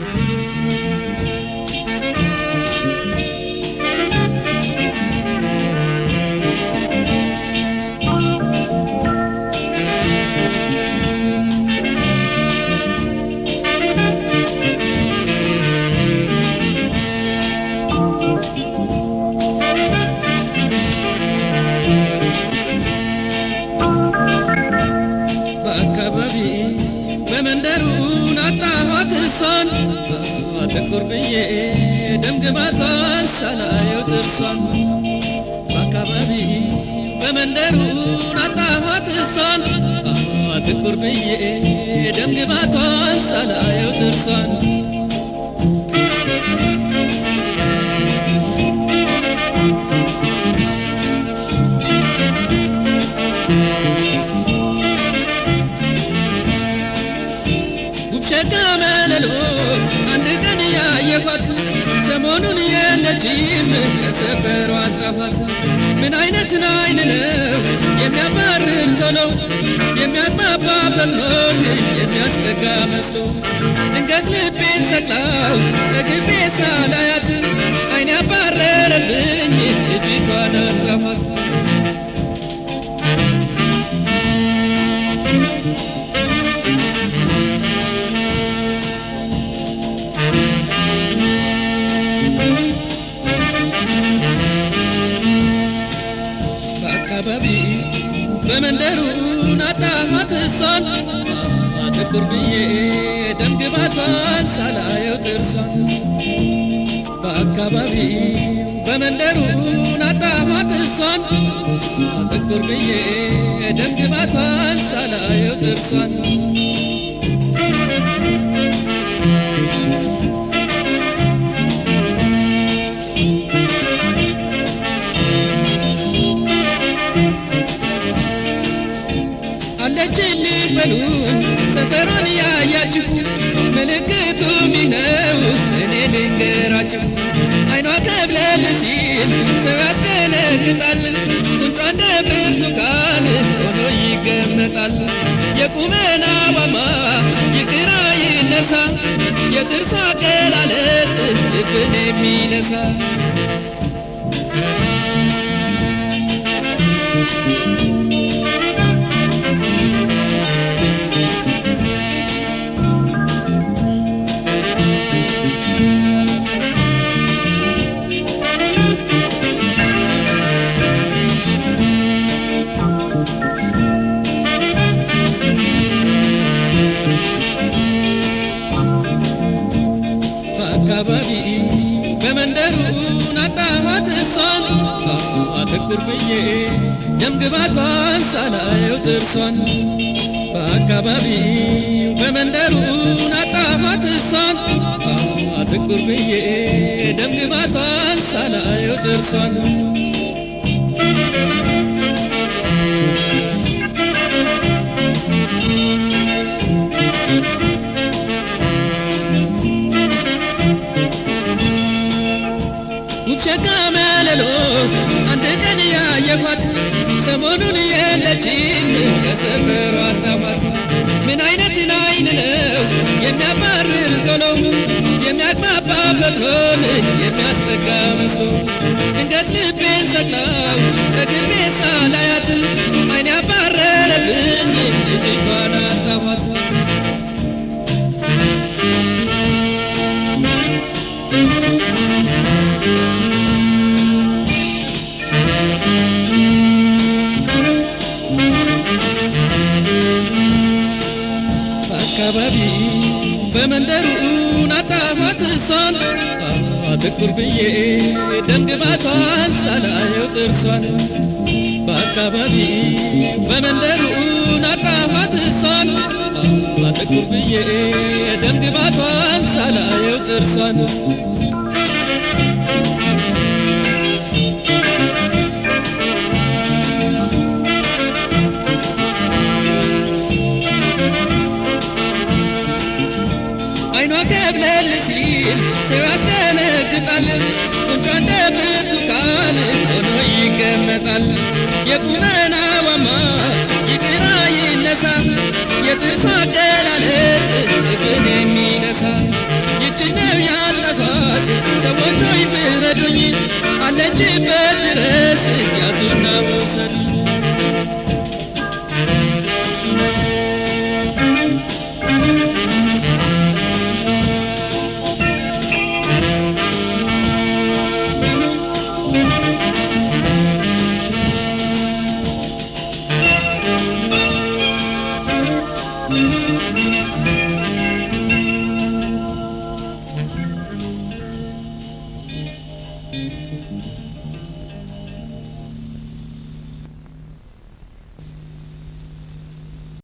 Thank you. ትኩር ብዬ ደምግባቷን ሳላየው ጥርሷን በአካባቢ በመንደሩ ናጣኋት እሷን ትኩር ብዬ ደምግባቷን ሳላየው ጥርሷን ሰሞኑን የለችም ከሰፈሩ አጣፋት ምን አይነት አይን ነው የሚያባርር ቶሎ የሚያግባባ ፈጥኖ የሚያስጠጋ መስሎ እንገት ልቤን ሰቅላው ከግቤ ሳላያት አይን ያባረረልኝ ልጅቷን አጣፋት አካባቢ በመንደሩ ናጣማት እሷን ጥቁር ብዬ ደምግባቷን ሳላየው ጥርሷን በአካባቢ በመንደሩ ናጣማት እሷን ጥቁር ብዬ ደምግባቷን ሳላየው ጥርሷን በሉን ሰፈሩን ያያችሁ ምልክቱ ሚነው እኔ ልንገራችሁ አይኗ ከብለል ሲል ሰው ያስደነግጣል ቁንጯ እንደ ብርቱካን ሆኖ ይገመጣል የቁመናዋማ ይቅራ ይነሳ የጥርሷ አቀላለጥ ልብን የሚነሳ አካባቢ በመንደሩ አጣማት እሷን አትቅር ብዬ ደምግባቷን ሳላየው ጥርሷን በአካባቢ በመንደሩ አጣማት እሷን አትቅር ብዬ ደምግባቷን ሳላየው ጥርሷን ሙቸካ መለሎ አንድ ቀን ያየኳት ሰሞኑን የለችም ከሰፈሯ አጣኋት። ምን አይነት አይን ነው የሚያባርር ቶሎ የሚያግባባ ፈጥሮን የሚያስጠጋ መስሎ እንገት ልቤን ሰቅላው ከግቤ ሳላያት አይን ያባረረብኝ እጅቷና ስላት እሷን አትኩር ብዬ ደምድማቷን ሳላየው ጥርሷን በአካባቢ በመንደሩ ናቃፋት እሷን አትኩር ብዬ ደምድማቷን ሳላየው ጥርሷን ቁንጮ እንደ ብርቱካን ሆኖ ይገመጣል። የቁመናዋ ማር ይቅና ይነሳ የጥርሷ አገላለጥ